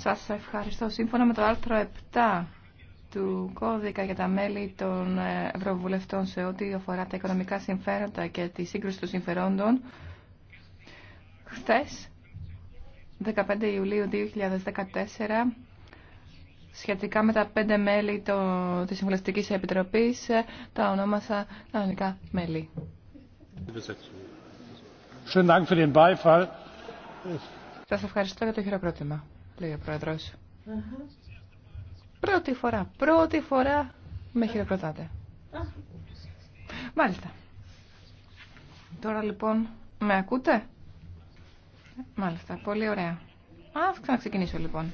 Σας ευχαριστώ. Σύμφωνα με το άρθρο 7 του κώδικα για τα μέλη των ε, Ευρωβουλευτών σε ό,τι αφορά τα οικονομικά συμφέροντα και τη σύγκρουση των συμφερόντων, χθες, 15 Ιουλίου 2014, σχετικά με τα πέντε μέλη το, της Συμβουλευτικής Επιτροπής, ε, τα ονόμασα κανονικά μέλη. Σας ευχαριστώ για το χειροκρότημα, λέει ο Πρόεδρος. Uh -huh. Πρώτη φορά, πρώτη φορά με χειροκροτάτε. Uh Μάλιστα. Τώρα λοιπόν, με ακούτε? Μάλιστα, πολύ ωραία. Ας ξαναξεκινήσω λοιπόν.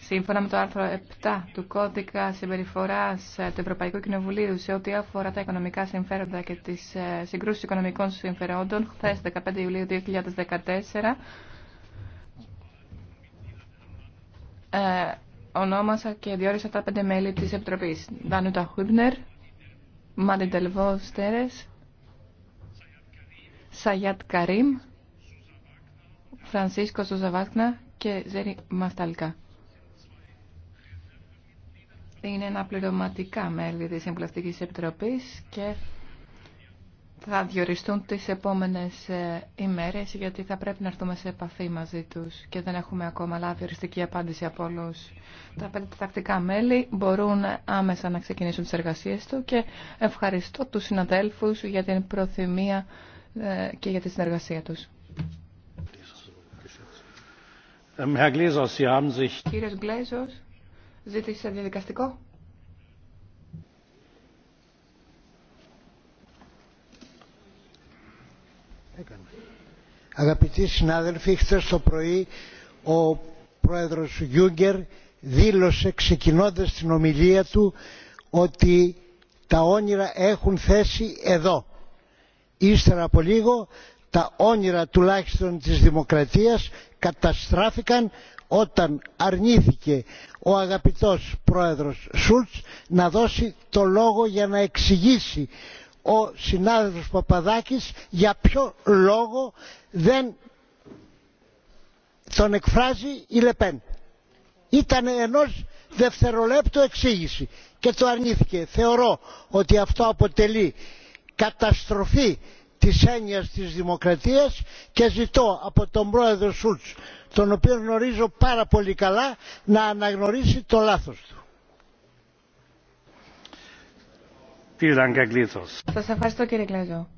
Σύμφωνα με το άρθρο 7 του Κώδικα Συμπεριφορά ε, του Ευρωπαϊκού Κοινοβουλίου σε ό,τι αφορά τα οικονομικά συμφέροντα και τι ε, συγκρούσει οικονομικών συμφερόντων, χθε 15 Ιουλίου 2014, ε, ονόμασα και διόρισα τα πέντε μέλη της Επιτροπής. Δάνουτα Χούμπνερ, Μαντιντελβό Στέρες, Σαγιάτ Καρίμ, Φρανσίσκο Σουζαβάκνα και Ζέρι Μασταλικά. Είναι αναπληρωματικά μέλη της Συμβουλευτικής Επιτροπής και θα διοριστούν τις επόμενες ε, ημέρες γιατί θα πρέπει να έρθουμε σε επαφή μαζί τους και δεν έχουμε ακόμα λάβει οριστική απάντηση από όλους. Τα πέντε τακτικά μέλη μπορούν άμεσα να ξεκινήσουν τις εργασίες του και ευχαριστώ τους συναδέλφους για την προθυμία ε, και για τη συνεργασία τους. Ε, Κύριος Γκλέζος, ζήτησε διαδικαστικό. Αγαπητοί συνάδελφοι, χθε το πρωί ο πρόεδρος Γιούγκερ δήλωσε ξεκινώντας την ομιλία του ότι τα όνειρα έχουν θέση εδώ. Ύστερα από λίγο τα όνειρα τουλάχιστον της δημοκρατίας καταστράφηκαν όταν αρνήθηκε ο αγαπητός πρόεδρος Σούλτς να δώσει το λόγο για να εξηγήσει ο συνάδελφος Παπαδάκης για ποιο λόγο δεν τον εκφράζει η Λεπέν. Ήταν ενός δευτερολέπτου εξήγηση και το αρνήθηκε. Θεωρώ ότι αυτό αποτελεί καταστροφή της έννοιας της δημοκρατίας και ζητώ από τον πρόεδρο Σούλτς, τον οποίο γνωρίζω πάρα πολύ καλά, να αναγνωρίσει το λάθος του. Σας ευχαριστώ κύριε Κλέζο.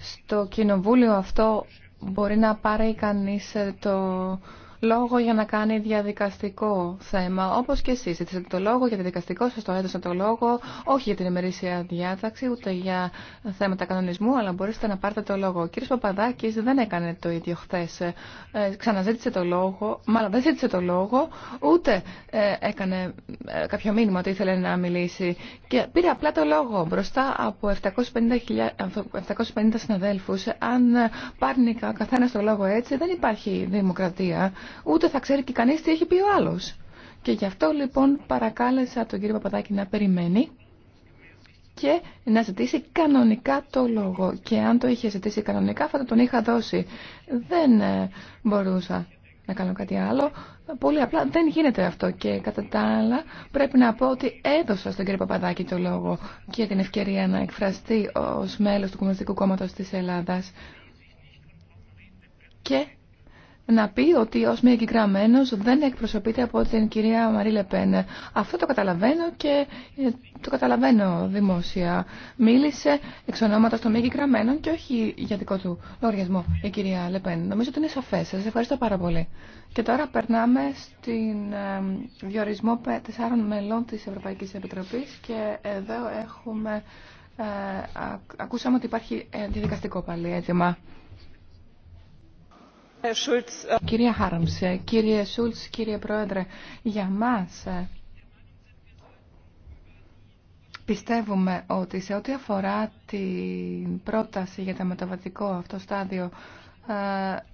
Στο κοινοβούλιο αυτό μπορεί να πάρει κανείς ε, το λόγο για να κάνει διαδικαστικό θέμα, όπως και εσείς. Έτσι, το λόγο για διαδικαστικό σας το έδωσα το λόγο, όχι για την ημερήσια διάταξη, ούτε για θέματα κανονισμού, αλλά μπορείτε να πάρετε το λόγο. Ο κύριος Παπαδάκης δεν έκανε το ίδιο χθε. Ε, ξαναζήτησε το λόγο, μάλλον δεν ζήτησε το λόγο, ούτε ε, έκανε ε, κάποιο μήνυμα ότι ήθελε να μιλήσει. Και πήρε απλά το λόγο μπροστά από 750, 750 συναδέλφους. Αν πάρνει καθένα το λόγο έτσι, δεν υπάρχει δημοκρατία ούτε θα ξέρει και κανείς τι έχει πει ο άλλος. Και γι' αυτό λοιπόν παρακάλεσα τον κύριο Παπαδάκη να περιμένει και να ζητήσει κανονικά το λόγο. Και αν το είχε ζητήσει κανονικά θα τον είχα δώσει. Δεν ε, μπορούσα να κάνω κάτι άλλο. Πολύ απλά δεν γίνεται αυτό και κατά τα άλλα πρέπει να πω ότι έδωσα στον κύριο Παπαδάκη το λόγο και την ευκαιρία να εκφραστεί ως μέλος του Κομμουνιστικού Κόμματος της Ελλάδας και να πει ότι ως μία εγγυγραμμένος δεν εκπροσωπείται από την κυρία Μαρή Λεπέν. Αυτό το καταλαβαίνω και ε, το καταλαβαίνω δημόσια. Μίλησε εξ ονόματος των μη και όχι για δικό του λογαριασμό η κυρία Λεπέν. Νομίζω ότι είναι σαφές. Σας ευχαριστώ πάρα πολύ. Και τώρα περνάμε στην διορισμό τεσσάρων μελών της Ευρωπαϊκής Επιτροπής και εδώ έχουμε... Ε, ακούσαμε ότι υπάρχει ε, διαδικαστικό πάλι έτοιμα. Äh, Κυρία Χάρμς, ε, κύριε Σούλτς, κύριε Πρόεδρε, για μας ε, πιστεύουμε ότι σε ό,τι αφορά την πρόταση για το μεταβατικό αυτό στάδιο ε,